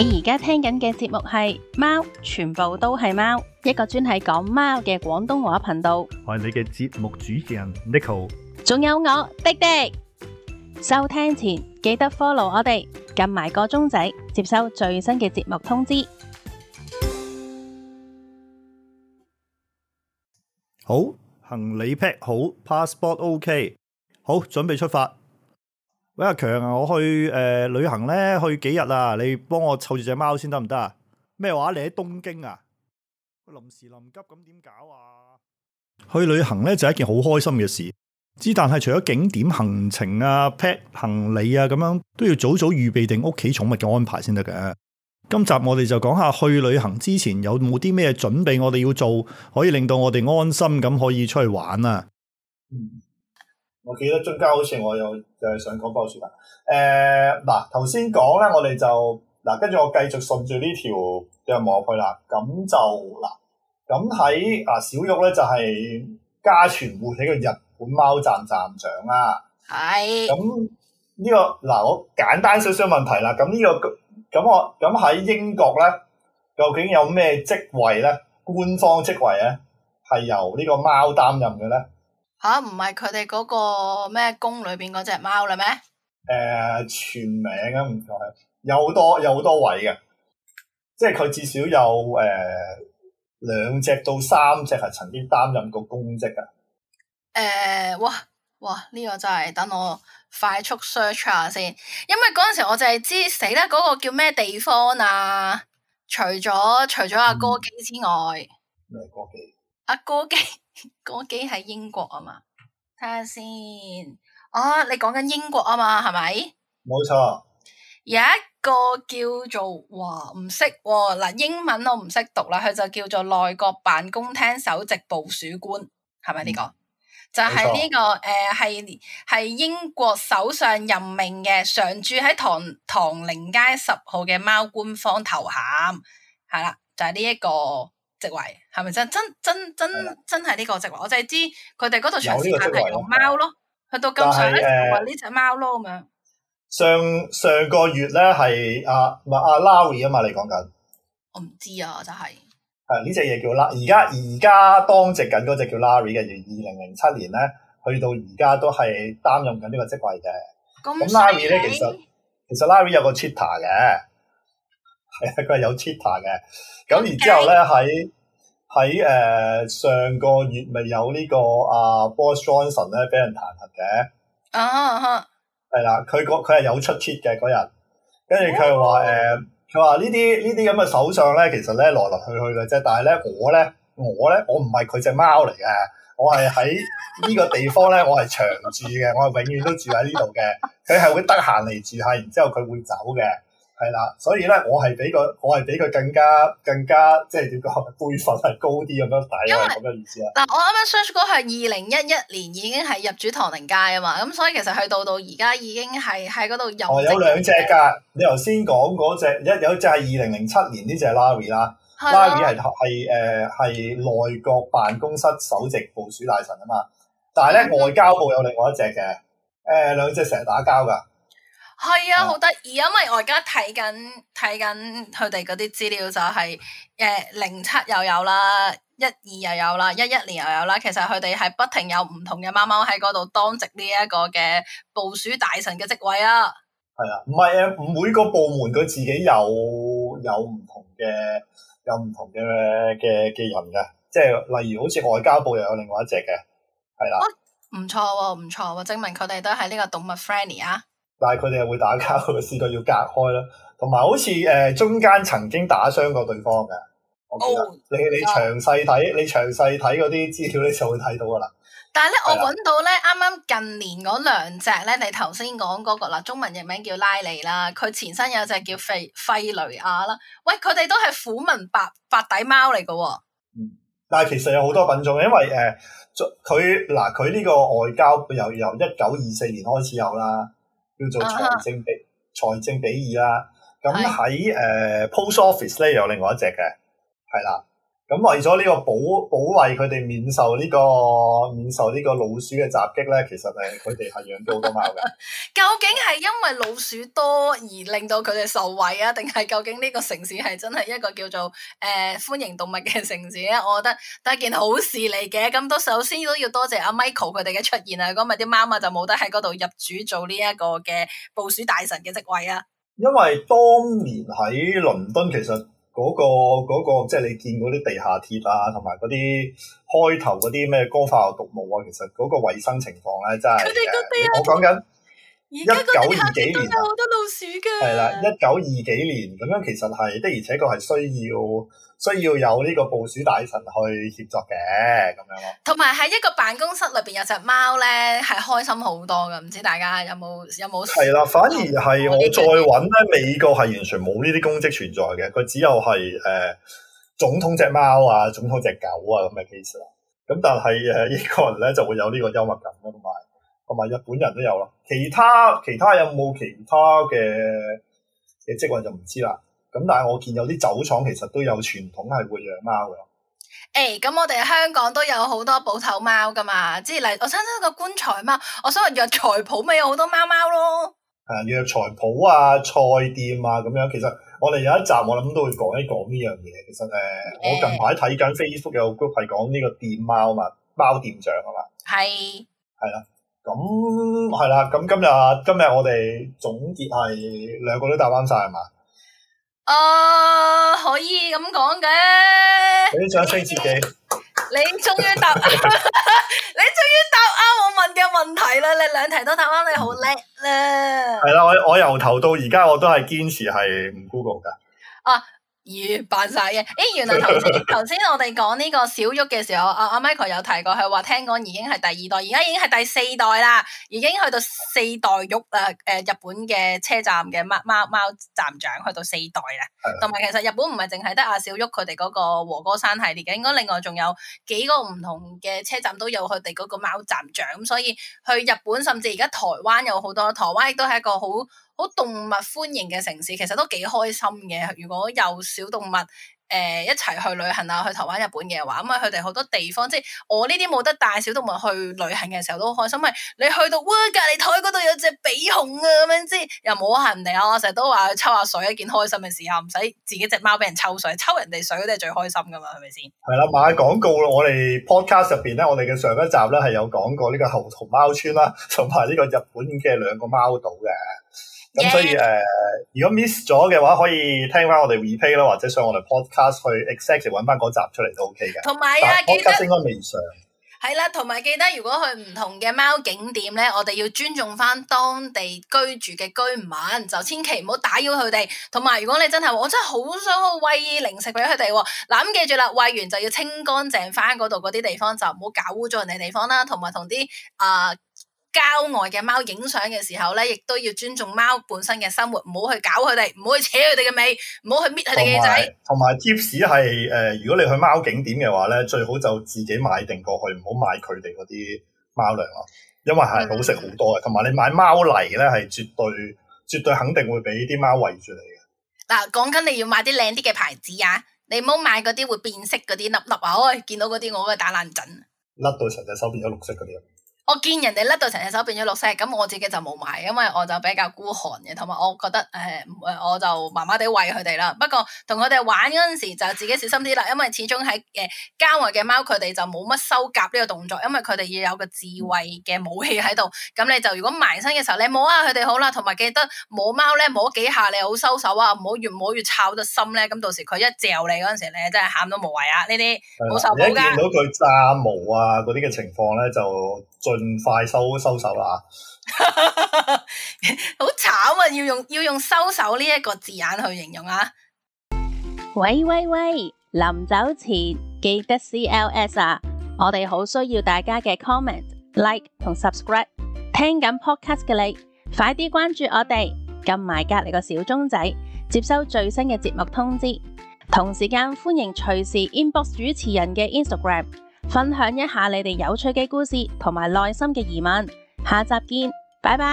你而家聽緊嘅節目係《貓》，全部都係貓，一個專係講貓嘅廣東話頻道。我係你嘅節目主持人 Neko，仲有我，廸廸。收聽前記得 follow 我哋，撳埋個鐘仔，接收最新嘅節目通知。好，行李 pack 好，passport OK，好，準備出發。喂，阿強啊，我去誒、呃、旅行咧，去幾日啊？你幫我湊住隻貓先得唔得啊？咩話？你喺東京啊？臨時臨急咁點搞啊？去旅行咧就係、是、一件好開心嘅事，之但係除咗景點行程啊、pack 行李啊咁樣，都要早早預備定屋企寵物嘅安排先得嘅。今集我哋就講下去旅行之前有冇啲咩準備我哋要做，可以令到我哋安心咁可以出去玩啊。嗯我記得中間好似我有，就又想講多句話，誒，嗱頭先講咧，我哋就嗱，跟住我繼續順住呢條嘅網去啦，咁就嗱，咁喺啊小玉咧就係家傳戶曉嘅日本貓站站長啊，係，咁呢個嗱我簡單少少問題啦，咁呢個咁我咁喺英國咧，究竟有咩職位咧？官方職位咧係由呢個貓擔任嘅咧？吓，唔係佢哋嗰個咩宮裏邊嗰隻貓啦咩？誒、呃，全名啊，唔錯，有好多有好多位嘅，即係佢至少有誒、呃、兩隻到三隻係曾經擔任過公職嘅。誒、呃，哇哇，呢、這個真係等我快速 search 下先，因為嗰陣時我就係知死啦，嗰個叫咩地方啊？除咗除咗阿哥基之外，咩哥、嗯、基？阿哥、啊、基。哥基喺英國看看啊嘛，睇下先。哦，你講緊英國啊嘛，係咪？冇錯錯。有一個叫做嘩，唔識嗱，英文我唔識讀啦，佢就叫做內閣辦公廳首席部署官，係咪呢個？嗯、就係呢、呢個誒，係係錯、呃、英國首相任命嘅，常駐喺唐唐寧街十號嘅貓官方頭銜，係啦，就係呢一個。職位係咪真真真的真真係呢個職位？我就係知佢哋嗰度長時間係用貓咯，去到今上咧，話呢隻貓咯咁樣。上上個月咧係阿係阿 Larry 啊嘛？你講緊？我唔知啊，就係係呢隻嘢叫 Larry。而家而家當值緊嗰隻叫 Larry 嘅，二二零零七年咧，去到而家都係擔任緊呢個職位嘅。咁咁 Larry 咧，其實其實 Larry 有個 Twitter 嘅。佢係啊，佢係 有 Twitter 嘅。咁然之後咧，喺喺誒上個月咪有呢、這個阿、啊、Boris Johnson 咧，俾人彈劾嘅。哦、huh.，係啦，佢佢係有出帖嘅嗰人。跟住佢係話誒，佢話、uh huh. 呃、呢啲呢啲咁嘅首相咧，其實咧來來去去嘅啫。但係咧我咧我咧我唔係佢隻貓嚟嘅，我係喺呢，呢個地方咧， 我係長住嘅，我永遠都住喺呢度嘅。佢係會得閒嚟住下，然之後佢會走嘅。係啦，所以咧，我係比佢，我係比佢更加更加，即係點講，輩份係高啲咁樣睇啊，咁樣嘅意思啊。嗱，我啱啱 search 嗰係二零一一年已經係入主唐寧街啊嘛，咁所以其實去到到而家已經係喺嗰度任。哦，有兩隻㗎，你頭先講嗰隻，有一有隻係二零零七年呢隻係 Larry 啦，Larry 係係誒係內閣辦公室首席部署大臣啊嘛，但係咧、嗯、外交部有另外一隻嘅，誒、呃、兩隻成日打交㗎。係啊，好得意，因為我而家睇緊睇緊佢哋嗰啲資料，就係誒零七又有啦，一二又有啦，一一年又有啦。其實佢哋係不停有唔同嘅貓貓喺嗰度當值呢一個嘅捕鼠大臣嘅職位啊。係啊，唔係啊，每個部門佢自己有有唔同嘅有唔同嘅嘅嘅人嘅，即係例如好似外交部又有另外一隻嘅，係啦，啊，唔錯啊，唔錯啊，證明佢哋都係呢個動物 friendly 啊。但係佢哋又會打交，佢試過要隔開啦。同埋好似誒、呃，中間曾經打傷過對方嘅，我記得、哦、你你詳細睇，你詳細睇嗰啲資料，你就會睇到噶啦。但係咧，了我揾到咧，啱啱近年嗰兩隻咧，你頭先講嗰個啦，中文譯名叫拉尼啦，佢前身有隻叫費費雷亞啦。喂，佢哋都係虎紋白白底貓嚟噶。嗯，但係其實有好多品種，的因為誒，佢、呃、嗱，佢呢個外交由由一九二四年開始有啦。叫做財政比、啊、哈財政比爾啦，咁喺誒 post office 咧，有另外一隻嘅，係啦。咁為咗呢個保保衛佢哋免受呢個免受呢個老鼠嘅襲擊咧，其實係佢哋係養到好多貓嘅。究竟係因為老鼠多而令到佢哋受惠啊，定係究竟呢個城市係真係一個叫做誒歡迎動物嘅城市咧？我覺得都係件好事嚟嘅。咁都首先都要多謝阿 Michael 佢哋嘅出現啊，咁咪啲貓啊就冇得喺嗰度入主做呢一個嘅捕鼠大神嘅職位啊。因為當年喺倫敦，其實。嗰、嗰個、嗰個、即係你見嗰啲地下鐵啊，同埋嗰啲開頭嗰啲咩高化學毒霧啊，其實嗰個衞生情況咧真係，我講緊。一九二幾年好多老鼠嘅，係啦、啊啊，一九二幾年咁樣，其實係的，而且確係需要需要有呢個捕鼠大臣去協助嘅咁樣咯。同埋喺一個辦公室裏邊有隻貓咧，係開心好多噶唔知大家有冇有冇？係啦、啊，反而係我再搵咧，美國係完全冇呢啲公職存在嘅，佢只有係誒、呃、總統隻貓啊，總統隻狗啊咁嘅 case 啦、啊。咁但係誒英國人咧就會有呢個幽默感咯，同、啊、埋。同埋日本人都有啦，其他其他有冇其他嘅嘅職位就唔知啦。咁但係我見有啲酒廠其實都有傳統係會養貓嘅。誒、欸，咁我哋香港都有好多舖頭貓噶嘛，即係例如我新新個棺材貓，我想話藥材鋪咪有好多貓貓咯。誒、啊，藥材鋪啊，菜店啊，咁樣其實我哋有一集我諗都會講一講呢樣嘢。其實誒，呃欸、我近排睇緊 Facebook 有 group 係講呢個店貓嘛，貓店長係嘛？係係啦。是咁係啦，咁、嗯、今日今日我哋總結係兩個都答啱晒係嘛？誒、呃，可以咁講嘅。你再吹自己，你終於答， 你終於答啱我問嘅問題啦！你兩題都答啱，嗯、你好叻啦！係啦，我我由頭到而家我都係堅持係唔 Google 噶。啊！咦，扮晒嘢。誒，原來頭先頭先我哋講呢個小玉嘅時候，阿阿、 啊、Michael 有提過，佢話聽講已經係第二代，而家已經係第四代啦，已經去到四代玉啦。誒、呃，日本嘅車站嘅貓貓貓站長去到四代啦。同埋 其實日本唔係淨係得阿小玉佢哋嗰個和歌山系列嘅，應該另外仲有幾個唔同嘅車站都有佢哋嗰個貓站長。咁所以去日本，甚至而家台灣有好多，台灣亦都係一個好好動物歡迎嘅城市，其實都幾開心嘅。如果有小動物誒、呃、一齊去旅行啊，去台灣、日本嘅話，咁啊佢哋好多地方，即係我呢啲冇得帶小動物去旅行嘅時候都開心，因、就是、你去到哇隔離台嗰度有隻比熊啊咁樣，即係又冇嚇人哋啊，成日都話抽下水一件開心嘅事候，唔使自己隻貓俾人抽水，抽人哋水都啲係最開心噶嘛，係咪先？係啦，買廣告咯，我哋 Podcast 入邊咧，我哋嘅上一集咧係有講過呢個猴硐貓村啦、啊，同埋呢個日本嘅兩個貓島嘅。咁所以誒 Yeah.、呃，如果 miss 咗嘅話，可以聽翻我哋 replay 咯，或者上我哋 podcast 去 exact 揾翻嗰集出嚟都 OK 嘅。同埋啊，pod 記得，應該未上。係啦，同埋記得，如果去唔同嘅貓景點咧，我哋要尊重翻當地居住嘅居民，就千祈唔好打擾佢哋。同埋如果你真係我真係好想去喂零食俾佢哋，嗱、啊、咁、嗯、記住啦，喂完就要清乾淨翻嗰度嗰啲地方，就唔好搞污咗人哋地方啦。同埋同啲啊。呃郊外嘅貓影相嘅時候咧，亦都要尊重貓本身嘅生活，唔好去搞佢哋，唔好去扯佢哋嘅尾，唔好去搣佢哋嘅仔。同埋，同埋貼士係誒、呃，如果你去貓景點嘅話咧，最好就自己買定過去，唔好買佢哋嗰啲貓糧啊，因為係好食好多嘅。同埋、嗯、你買貓泥咧，係絕對絕對肯定會俾啲貓圍住你嘅。嗱，講緊你要買啲靚啲嘅牌子啊，你唔好買嗰啲會變色嗰啲粒粒啊，我見到嗰啲我都會打冷震。甩到成隻手變咗綠色嗰啲。我見人哋甩到成隻手變咗綠色，咁我自己就冇埋，因為我就比較孤寒嘅，同埋我覺得誒、呃，我就麻麻地餵佢哋啦。不過同佢哋玩嗰陣時，就自己小心啲啦，因為始終喺誒郊外嘅貓，佢哋就冇乜收夾呢個動作，因為佢哋要有個智慧嘅武器喺度。咁你就如果埋身嘅時候，你摸下佢哋好啦，同埋記得摸貓咧摸幾下，你好收手啊，唔好越摸越炒得深咧。咁到時佢一嚼你嗰陣時咧，你真係喊都冇謂啊！呢啲冇受一見到佢炸毛啊嗰啲嘅情況咧，就～盡快收收手啦！ 好慘啊，要用要用收手呢一個字眼去形容啊！喂喂喂，臨走前記得 CLS 啊！我哋好需要大家嘅 comment、 like 同 subscribe。聽緊 podcast 嘅你，快啲關注我哋，撳埋隔籬個小鐘仔，接收最新嘅節目通知。同時間，歡迎隨時 inbox 主持人嘅 Instagram。分享一下你哋有趣嘅故事同埋內心嘅疑問，下集見，拜拜。